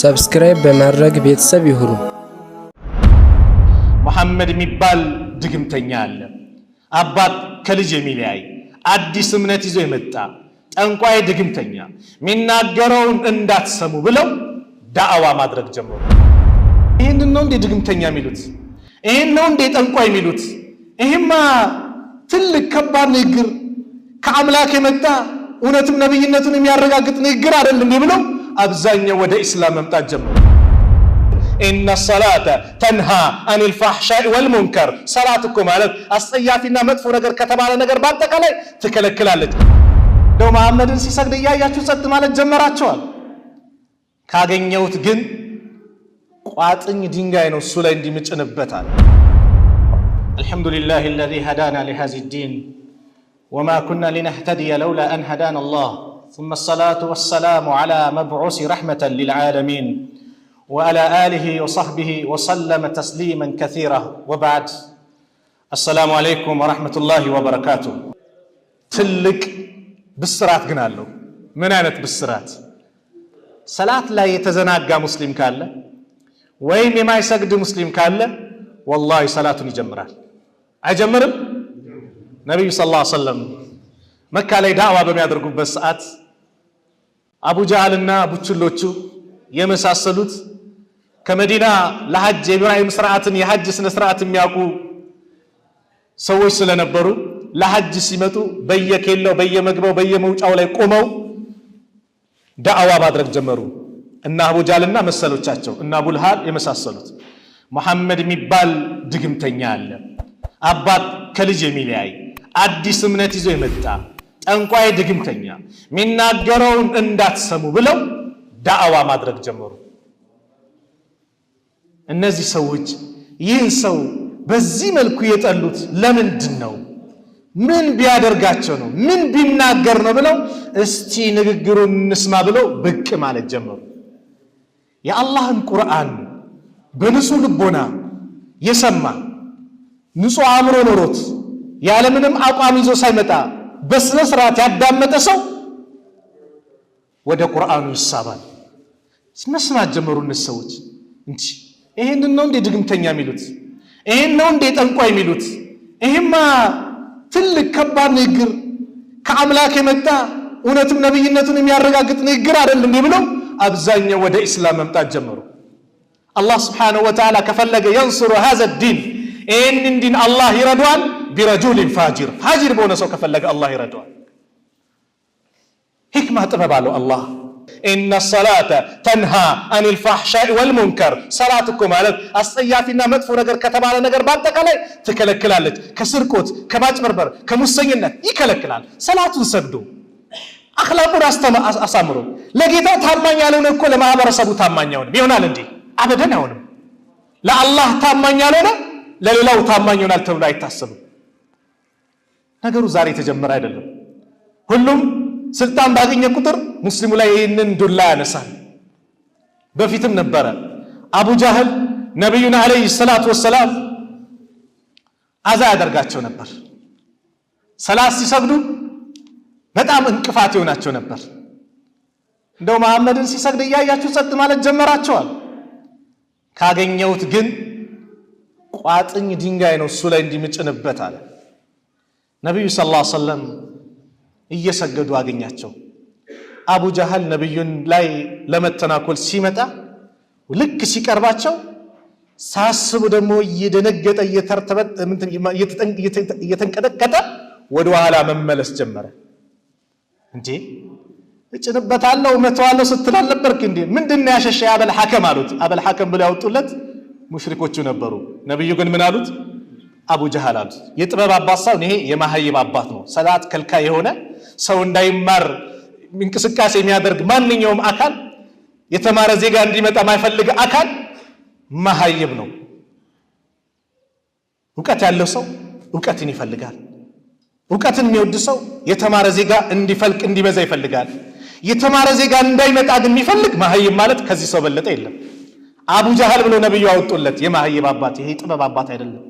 ሰብስክራይብ በማድረግ ቤተሰብ ይሁኑ። መሐመድ የሚባል ድግምተኛ አለ። አባት ከልጅ የሚለያይ አዲስ እምነት ይዞ የመጣ ጠንቋይ ድግምተኛ የሚናገረውን እንዳትሰሙ ብለው ዳዕዋ ማድረግ ጀመሩ። ይህን ነው እንዴ ድግምተኛ የሚሉት? ይህን ነው እንዴ ጠንቋይ የሚሉት? ይህማ ትልቅ ከባድ ንግግር ከአምላክ የመጣ እውነትም ነቢይነቱን የሚያረጋግጥ ንግግር አይደለም ብለው አብዛኛው ወደ ኢስላም መምጣት ጀመሩ። ኢነ ሰላተ ተንሃ አኒል ፋሕሻኢ ወልሙንከር ሰላት እኮ ማለት አስጸያፊና መጥፎ ነገር ከተባለ ነገር በአጠቃላይ ትከለክላለች። እንደው መሐመድን ሲሰግድ እያያችሁ ጸጥ ማለት ጀመራቸዋል። ካገኘሁት ግን ቋጥኝ ድንጋይ ነው እሱ ላይ እንዲምጭንበታል። አልሐምዱሊላህ አለዚ ሀዳና ሊሃዚ ዲን ወማ ኩና ሊነህተድየ ለውላ አን ሀዳና አላህ ثم الصلاة والسلام على مبعوث رحمة للعالمين وعلى آله وصحبه وسلم تسليما كثيرا وبعد السلام عليكم ورحمة الله وبركاته تلك بسرات قنالو من أنت بسرات صلاة لا يتزناق مسلم كالة وين ما يسجد مسلم كالة والله صلاة يجمر أجمر نبي صلى الله عليه وسلم مكة لي دعوة بمي أدرقوا بسرات አቡጃህልና ቡችሎቹ የመሳሰሉት ከመዲና ለሐጅ የኢብራሂም ስርዓትን የሐጅ ስነ ስርዓት የሚያውቁ ሰዎች ስለነበሩ ለሐጅ ሲመጡ በየኬላው በየመግቢያው በየመውጫው ላይ ቆመው ዳዕዋ ማድረግ ጀመሩ። እና አቡጃልና መሰሎቻቸው እና ቡልሃል የመሳሰሉት መሐመድ የሚባል ድግምተኛ አለ። አባት ከልጅ የሚለያይ አዲስ እምነት ይዞ የመጣ ጠንቋይ፣ ድግምተኛ የሚናገረውን እንዳትሰሙ ብለው ዳዕዋ ማድረግ ጀመሩ። እነዚህ ሰዎች ይህን ሰው በዚህ መልኩ የጠሉት ለምንድን ነው? ምን ቢያደርጋቸው ነው? ምን ቢናገር ነው ብለው እስቲ ንግግሩን እንስማ ብለው ብቅ ማለት ጀመሩ። የአላህን ቁርአን በንጹህ ልቦና የሰማ ንጹህ አእምሮ ኖሮት ያለምንም አቋም ይዞ ሳይመጣ በስነ ስርዓት ያዳመጠ ሰው ወደ ቁርአኑ ይሳባል። መስማት ጀመሩ እነዚህ ሰዎች። እንጂ ይሄንን ነው እንዴ ድግምተኛ የሚሉት? ይሄን ነው እንዴ ጠንቋይ የሚሉት? ይሄማ ትልቅ ከባድ ንግግር ከአምላክ የመጣ እውነትም ነብይነቱን የሚያረጋግጥ ንግግር አይደለም እንዴ ብለው አብዛኛው ወደ ኢስላም መምጣት ጀመሩ። አላህ ስብሓነሁ ወተዓላ ከፈለገ የንስሩ ሀዘ ዲን ይህንን ዲን አላህ ይረዷል። ቢረጁሊን ፋጅር ፋጅር በሆነ ሰው ከፈለገ አላህ ይረዳዋል። ሂክማ ጥበብ አለው አላህ ኢነ ሰላተ ተንሃ አኒል ፋሕሻኢ ወልሙንከር። ሰላት እኮ ማለት አስጸያፊና መጥፎ ነገር ከተባለ ነገር በአጠቃላይ ትከለክላለች። ከስርቆት፣ ከማጭበርበር፣ ከሙሰኝነት ይከለክላል። ሰላቱን ሰግዶ አኽላቁን አሳምሮ ለጌታ ታማኝ ያልሆነ እኮ ለማህበረሰቡ ታማኝ አይሆንም። ይሆናል እንዴ? አበደን አይሆንም። ለአላህ ታማኝ ያልሆነ ለሌላው ታማኝ ይሆናል ተብሎ አይታሰብም። ነገሩ ዛሬ የተጀመረ አይደለም። ሁሉም ስልጣን ባገኘ ቁጥር ሙስሊሙ ላይ ይህንን ዱላ ያነሳል። በፊትም ነበረ። አቡ ጃህል ነቢዩን አለይሂ ሰላቱ ወሰላም አዛ ያደርጋቸው ነበር። ሰላት ሲሰግዱ በጣም እንቅፋት ይሆናቸው ነበር። እንደው መሐመድን ሲሰግድ እያያችሁ ጸጥ ማለት ጀመራቸዋል። ካገኘሁት ግን ቋጥኝ ድንጋይ ነው እሱ ላይ እንዲምጭንበት አለ። ነቢዩ ሰለላሁ ዐለይሂ ወሰለም እየሰገዱ አገኛቸው። አቡ ጃህል ነቢዩን ላይ ለመተናኮል ሲመጣ ልክ ሲቀርባቸው ሳስቡ ደግሞ እየደነገጠ እየተንቀጠቀጠ ወደ ኋላ መመለስ ጀመረ። እንዴ እጭንበታለሁ እመተዋለሁ ስትል አልነበርክ እንዴ? ምንድን ነው ያሸሸ? አበል ሐከም አሉት። አበል ሐከም ብለው ያወጡለት ሙሽሪኮቹ ነበሩ። ነቢዩ ግን ምን አሉት? አቡ ጀሃል አሉት። የጥበብ አባት ሳይሆን ይሄ የማሀይብ አባት ነው። ሰላት ከልካይ የሆነ ሰው እንዳይማር እንቅስቃሴ የሚያደርግ ማንኛውም አካል የተማረ ዜጋ እንዲመጣ ማይፈልግ አካል ማሀይም ነው። እውቀት ያለው ሰው እውቀትን ይፈልጋል። እውቀትን የሚወድ ሰው የተማረ ዜጋ እንዲፈልቅ እንዲበዛ ይፈልጋል። የተማረ ዜጋ እንዳይመጣ ግን የሚፈልግ ማሀይም ማለት ከዚህ ሰው በለጠ የለም። አቡ ጀሃል ብሎ ነቢዩ አወጡለት። የማሀይም አባት ይሄ ጥበብ አባት አይደለም።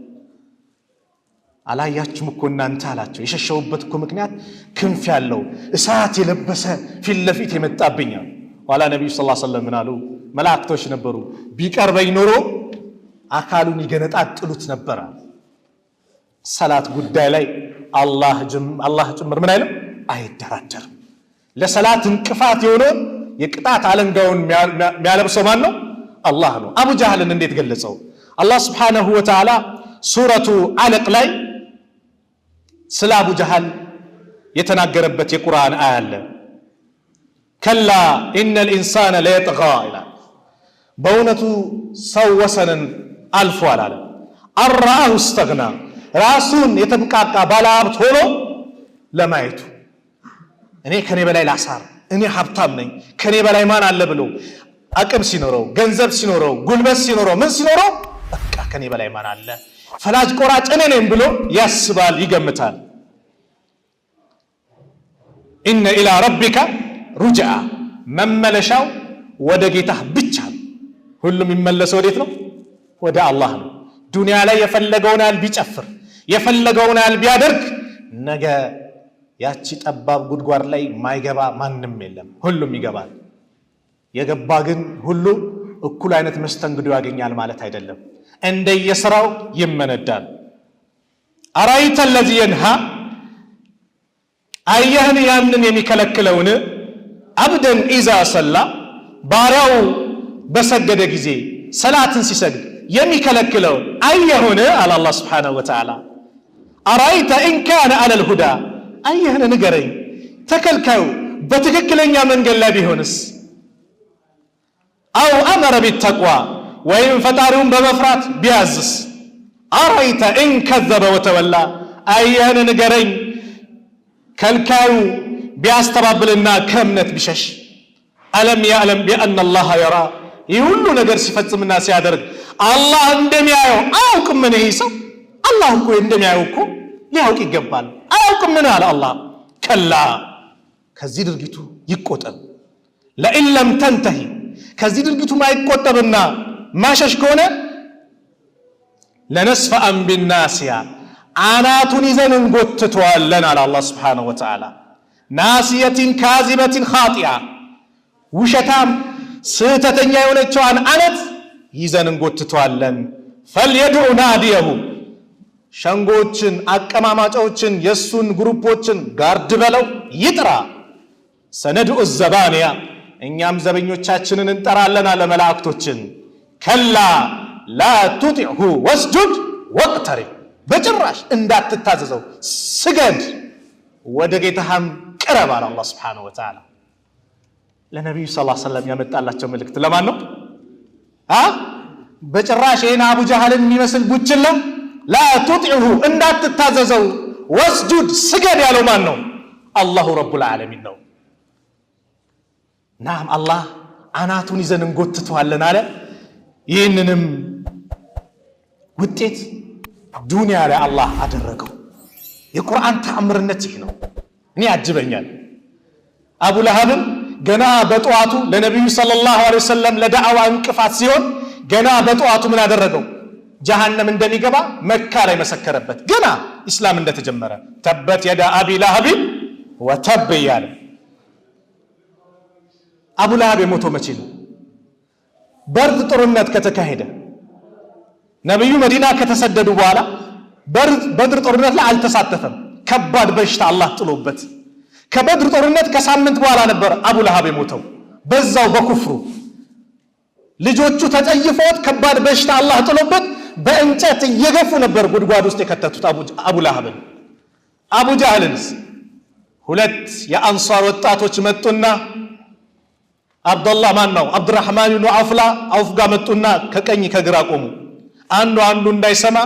አላያችሁም እኮ እናንተ አላቸው። የሸሸውበት እኮ ምክንያት ክንፍ ያለው እሳት የለበሰ ፊት ለፊት የመጣብኛል። ኋላ ነቢዩ ስ ሰለም ምን አሉ? መላእክቶች ነበሩ፣ ቢቀርበኝ ኖሮ አካሉን ይገነጣጥሉት ነበረ። ሰላት ጉዳይ ላይ አላህ ጭምር ምን አይልም አይደራደርም። ለሰላት እንቅፋት የሆነውን የቅጣት አለንጋውን የሚያለብሰው ማን ነው? አላህ ነው። አቡ ጃህልን እንዴት ገለጸው? አላህ ስብሓነሁ ወተዓላ ሱረቱ አለቅ ላይ ስለ አቡ ጀሃል የተናገረበት የቁርአን አያ አለ። ከላ ኢነ ኢንሳነ ለየጥጋ ይላል። በእውነቱ ሰው ወሰንን አልፏል አለ። አራአሁ ስተግና ራሱን የተብቃቃ ባለሀብት ሆኖ ለማየቱ እኔ ከኔ በላይ ላሳር፣ እኔ ሀብታም ነኝ፣ ከኔ በላይ ማን አለ ብሎ አቅም ሲኖረው፣ ገንዘብ ሲኖረው፣ ጉልበት ሲኖረው፣ ምን ሲኖረው፣ በቃ ከኔ በላይ ማን አለ ፈላጭ ቆራጭ እኔ ነኝ ብሎ ያስባል፣ ይገምታል። ኢነ ኢላ ረቢከ ሩጅአ መመለሻው ወደ ጌታህ ብቻ ነው። ሁሉም የሚመለሰው ወዴት ነው? ወደ አላህ ነው። ዱንያ ላይ የፈለገውን ያህል ቢጨፍር የፈለገውን ያህል ቢያደርግ ነገ ያቺ ጠባብ ጉድጓድ ላይ ማይገባ ማንም የለም፣ ሁሉም ይገባል። የገባ ግን ሁሉ እኩል አይነት መስተንግዶ ያገኛል ማለት አይደለም። እንደየስራው ይመነዳል። አራይተ ለዚ የንሃ አየህን ያንን የሚከለክለውን አብደን ኢዛ ሰላ ባሪያው በሰገደ ጊዜ ሰላትን ሲሰግድ የሚከለክለውን አየሁን አለ አላህ ስብሓነሁ ወተዓላ። አራይተ ኢንካነ አለል ሁዳ አየህን ንገረኝ፣ ተከልካዩ በትክክለኛ መንገድ ላይ ቢሆንስ አው አመረ ቢተቅዋ ወይም ፈጣሪውን በመፍራት ቢያዝስ አረይተ ከዘበ ወተወላ አየህን ንገረኝ ከልካዩ ቢያስተባብልና ከእምነት ቢሸሽ አለም ያዕለም ቢአን አላህ የራ ይህ ሁሉ ነገር ሲፈጽምና ሲያደርግ አላህ እንደሚያየው ምን ይህ ሰው አላህ እኮ እንደሚያየው እኮ ሊያውቅ ይገባል። ምን አለ አላህ። ከላ ከዚህ ድርጊቱ ይቆጠብ። ለኢን ለም ተንተሂ ከዚህ ድርጊቱ ማይቆጠብና ማሸሽ ከሆነ ለነስፈአን ቢናሲያ አናቱን ይዘን እንጎትተዋለን አለ አላህ ስብሓነሁ ወተዓላ። ናሲየቲን ካዚበቲን ኻጢያ ውሸታም ስህተተኛ የሆነችዋን አነት ይዘን እንጎትተዋለን። ፈልየድዑ ናዲየሁ ሸንጎችን፣ አቀማማጫዎችን፣ የእሱን ግሩፖችን ጋርድ በለው ይጥራ። ሰነድዑ ዘባንያ እኛም ዘበኞቻችንን እንጠራለን አለ መላእክቶችን ከላ ላ ቱጢዕሁ ወስጁድ ወቅተሪብ፣ በጭራሽ እንዳትታዘዘው ስገድ፣ ወደ ጌታህም ቅረብ አለ አላህ ስብሓነሁ ወተዓላ። ለነቢዩ ስ ሰለም ያመጣላቸው መልእክት ለማን ነው? በጭራሽ ይህን አቡ የሚመስል ቡችላ ላ ቱጢዕሁ እንዳትታዘዘው፣ ወስጁድ ስገድ ያለው ማን ነው? አላሁ ረቡል ዓለሚን ነው። ናም አላህ አናቱን ይዘን እንጎትተዋለን አለ ይህንንም ውጤት ዱንያ ላይ አላህ አደረገው። የቁርአን ተአምርነት ይህ ነው። እኔ ያጅበኛል። አቡ ለሃብም ገና በጠዋቱ ለነቢዩ ሰለላሁ ዐለይሂ ወሰለም ለዳዕዋ እንቅፋት ሲሆን ገና በጠዋቱ ምን አደረገው? ጀሃነም እንደሚገባ መካ ላይ መሰከረበት። ገና ኢስላም እንደተጀመረ ተበት የዳ አቢ ለሃብን ወተብ እያለ አቡ ለሃብ የሞተው መቼ ነው? በርዝ ጦርነት ከተካሄደ ነቢዩ መዲና ከተሰደዱ በኋላ በድር ጦርነት ላይ አልተሳተፈም። ከባድ በሽታ አላህ ጥሎበት ከበድር ጦርነት ከሳምንት በኋላ ነበር አቡ ለሃብ የሞተው በዛው በኩፍሩ ልጆቹ ተጠይፈውት ከባድ በሽታ አላህ ጥሎበት በእንጨት እየገፉ ነበር ጉድጓድ ውስጥ የከተቱት አቡ ለሃብን። አቡ ጃህልንስ ሁለት የአንሷር ወጣቶች መጡና አብደላ ማን ነው አብዱራህማን ብኑ አፍላ አውፍ ጋር መጡና ከቀኝ ከግራ ቆሙ። አንዱ አንዱ እንዳይሰማ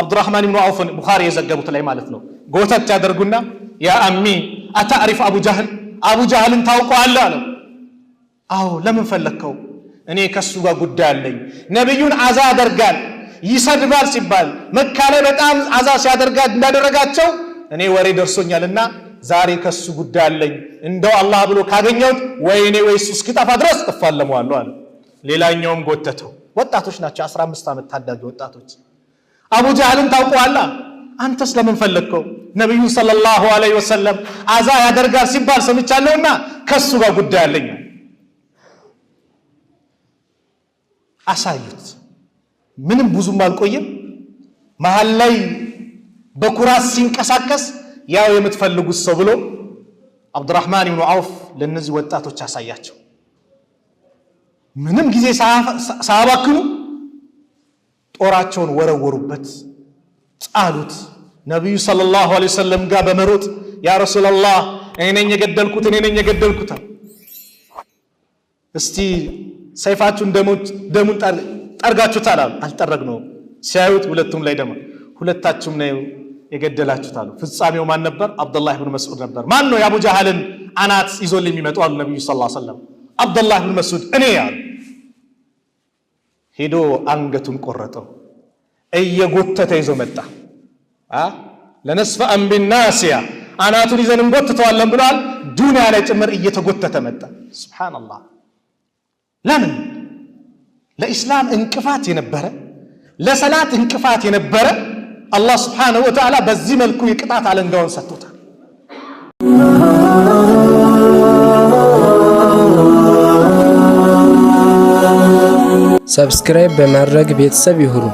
አብዱራህማን ብኑ አውፍን ቡኻሪ የዘገቡት ላይ ማለት ነው ጎተት ያደርጉና ያ አሚ አታሪፍ አቡ ጃህል አቡ ጃህልን ታውቀዋለህ አለው። አዎ ለምን ፈለግከው? እኔ ከሱ ጋር ጉዳይ አለኝ። ነቢዩን አዛ ያደርጋል ይሰድባል ሲባል መካ ላይ በጣም አዛ ሲያደርጋ እንዳደረጋቸው እኔ ወሬ ደርሶኛልና ዛሬ ከሱ ጉዳይ አለኝ እንደው አላህ ብሎ ካገኘሁት ወይኔ ወይ እሱ እስኪጠፋ ድረስ እፋለመዋለሁ አለ። ሌላኛውም ጎተተው። ወጣቶች ናቸው፣ 15 ዓመት ታዳጊ ወጣቶች። አቡ ጃህልን ታውቀዋለህ? አንተስ ለምን ፈለግከው? ነቢዩን ሰለላሁ ዐለይሂ ወሰለም አዛ ያደርጋል ሲባል ሰምቻለሁና ከሱ ጋር ጉዳይ አለኝ። አሳዩት። ምንም ብዙም አልቆየም። መሀል ላይ በኩራት ሲንቀሳቀስ ያው የምትፈልጉት ሰው ብሎ አብዱራህማን ብኑ አውፍ ለነዚህ ወጣቶች አሳያቸው። ምንም ጊዜ ሳያባክኑ ጦራቸውን ወረወሩበት፣ ጣሉት። ነቢዩ ሰለላሁ ዐለይሂ ወሰለም ጋር በመሮጥ ያ ረሱላላህ እኔ ነኝ የገደልኩት፣ እኔ ነኝ የገደልኩት። እስቲ ሰይፋችሁን ደሙን ጠርጋችሁታል አሉ። አልጠረግነውም። ሲያዩት ሁለቱም ላይ ደማ፣ ሁለታችሁም ነው የገደላችሁት አሉ። ፍጻሜው ማን ነበር? አብዱላህ ብን መስዑድ ነበር። ማን ነው የአቡ ጃህልን አናት ይዞል የሚመጡ አሉ ነቢዩ ሰለላሁ ዐለይሂ ወሰለም። አብዱላህ ብን መስዑድ እኔ ያሉ ሄዶ አንገቱን ቆረጠው። እየጎተተ ይዞ መጣ። ለነስፈ አንቢናሲያ አናቱን ይዘን እንጎትተዋለን ብሏል። ዱንያ ላይ ጭምር እየተጎተተ መጣ። ሱብሓነላህ። ለምን ለኢስላም እንቅፋት የነበረ ለሰላት እንቅፋት የነበረ አላህ ስብሓነሁ ወተዓላ በዚህ መልኩ የቅጣት አለንጋውን ሰጥቶታል። ሰብስክራይብ በማድረግ ቤተሰብ ይሁኑ።